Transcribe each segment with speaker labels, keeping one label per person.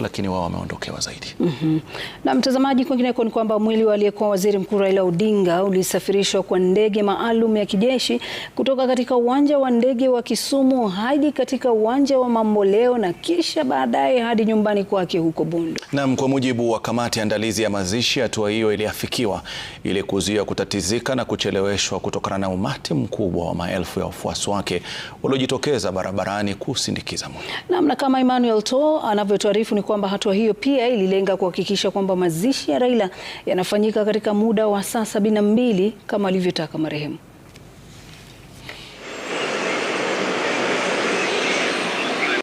Speaker 1: lakini wao wameondokewa zaidi.
Speaker 2: mm -hmm. Na mtazamaji, kwingineko ni kwamba mwili wa aliyekuwa waziri mkuu Raila Odinga ulisafirishwa kwa ndege maalum ya kijeshi kutoka katika uwanja wa ndege wa Kisumu hadi katika uwanja wa Mamboleo na kisha baadaye hadi nyumbani kwake huko Bondo.
Speaker 1: Naam, kwa mujibu wa kamati andalizi ya mazishi, hatua hiyo iliafikiwa ili kuzuia kutatizika na kucheleweshwa kutokana na umati mkubwa wa maelfu ya wafuasi wake waliojitokeza barabarani kusindikiza mwili.
Speaker 2: Naam, na kama Emmanuel To anavyotuarifu kwamba hatua hiyo pia ililenga kuhakikisha kwamba mazishi ya Raila yanafanyika katika muda wa saa sabini na mbili kama alivyotaka marehemu.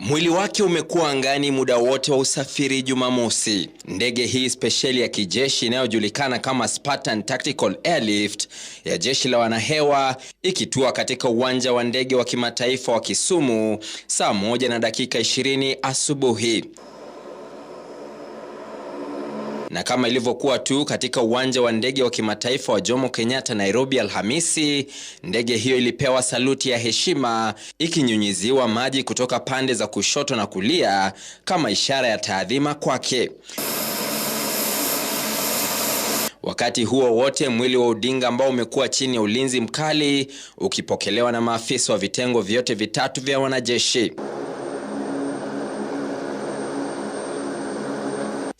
Speaker 3: Mwili wake umekuwa angani muda wote wa usafiri Jumamosi. Ndege hii spesheli ya kijeshi inayojulikana kama Spartan Tactical Airlift ya jeshi la wanahewa ikitua katika uwanja wa ndege wa kimataifa wa Kisumu saa moja na dakika 20 asubuhi. Na kama ilivyokuwa tu katika uwanja wa ndege wa kimataifa wa Jomo Kenyatta Nairobi Alhamisi, ndege hiyo ilipewa saluti ya heshima ikinyunyiziwa maji kutoka pande za kushoto na kulia kama ishara ya taadhima kwake. Wakati huo wote mwili wa Odinga ambao umekuwa chini ya ulinzi mkali ukipokelewa na maafisa wa vitengo vyote vitatu vya wanajeshi.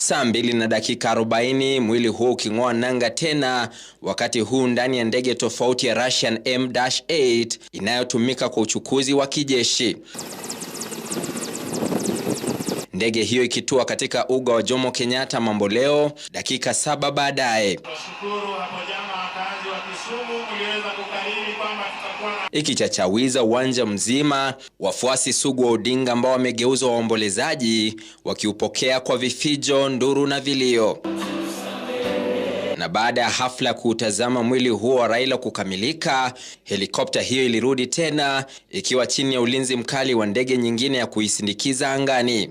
Speaker 3: saa mbili na dakika 40 mwili huo uking'oa nanga tena, wakati huu ndani ya ndege tofauti ya Russian M-8 inayotumika kwa uchukuzi wa kijeshi. Ndege hiyo ikitua katika uga wa Jomo Kenyatta mambo leo dakika saba baadaye. chawiza uwanja mzima, wafuasi sugu wa Odinga ambao wamegeuzwa waombolezaji, wakiupokea kwa vifijo, nduru na vilio. Na baada ya hafla ya kuutazama mwili huo wa Raila kukamilika, helikopta hiyo ilirudi tena ikiwa chini ya ulinzi mkali wa ndege nyingine ya kuisindikiza angani.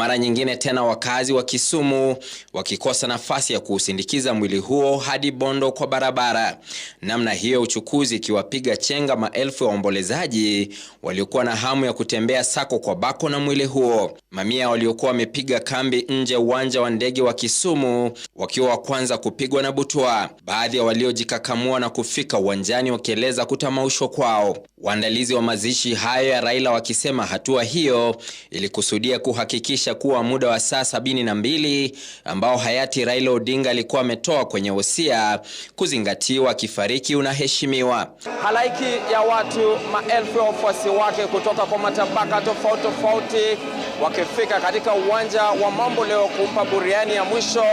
Speaker 3: mara nyingine tena wakazi wa Kisumu wakikosa nafasi ya kuusindikiza mwili huo hadi Bondo kwa barabara. Namna hiyo uchukuzi ikiwapiga chenga maelfu ya waombolezaji waliokuwa na hamu ya kutembea sako kwa bako na mwili huo. Mamia waliokuwa wamepiga kambi nje uwanja wa ndege wa Kisumu wakiwa wa kwanza kupigwa na butwa, baadhi ya waliojikakamua na kufika uwanjani wakieleza kutamaushwa kwao, waandalizi wa mazishi hayo ya Raila wakisema hatua hiyo ilikusudia kuhakikisha kuonyesha kuwa muda wa saa sabini na mbili ambao hayati Raila Odinga alikuwa ametoa kwenye wosia kuzingatiwa kifariki unaheshimiwa. Halaiki ya watu, maelfu ya wafuasi wake kutoka kwa matabaka tofauti tofauti wakifika katika uwanja wa Mambo Leo kumpa buriani ya mwisho,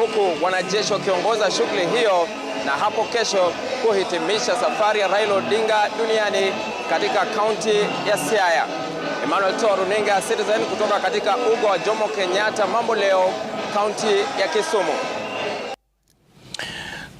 Speaker 3: huku wanajeshi wakiongoza shughuli hiyo na hapo kesho kuhitimisha safari ya Raila Odinga duniani katika kaunti ya Siaya. Emmanuel Toa, runinga Citizen kutoka katika ugo wa Jomo Kenyatta, Mambo Leo, kaunti ya Kisumu.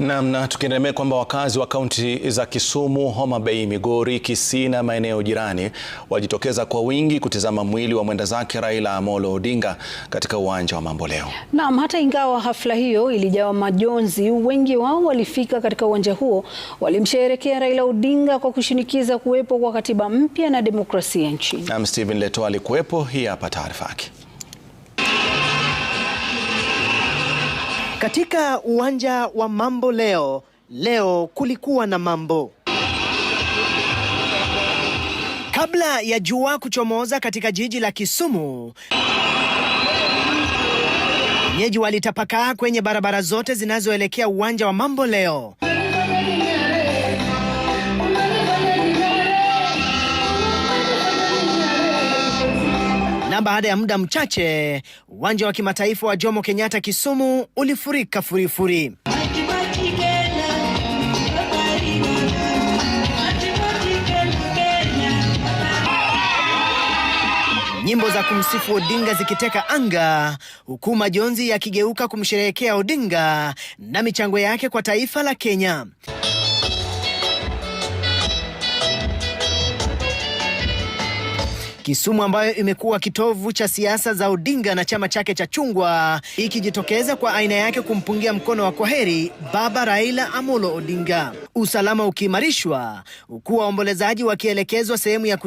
Speaker 1: Naam, na tukiendelea kwamba wakazi wa kaunti za Kisumu, Homa Bay, Migori, Kisii na maeneo jirani wajitokeza kwa wingi kutizama mwili wa mwenda zake Raila Amolo Odinga katika uwanja wa Mamboleo.
Speaker 2: Naam, hata ingawa hafla hiyo ilijawa majonzi, wengi wao walifika katika uwanja huo walimsherehekea Raila Odinga kwa kushinikiza kuwepo kwa katiba mpya na demokrasia nchini.
Speaker 1: Naam, Stephen Leto alikuwepo, hii hapa taarifa yake.
Speaker 4: Katika uwanja wa mambo leo, leo kulikuwa na mambo. Kabla ya jua kuchomoza katika jiji la Kisumu, wenyeji walitapakaa kwenye barabara zote zinazoelekea uwanja wa mambo leo. baada ya muda mchache uwanja wa kimataifa wa Jomo Kenyatta Kisumu ulifurika furifuri. Nyimbo za kumsifu Odinga zikiteka anga, huku majonzi yakigeuka kumsherehekea Odinga na michango yake kwa taifa la Kenya. Kisumu ambayo imekuwa kitovu cha siasa za Odinga na chama chake cha chungwa ikijitokeza kwa aina yake kumpungia mkono wa kwaheri baba Raila Amolo Odinga, usalama ukiimarishwa, huku waombolezaji wakielekezwa sehemu ya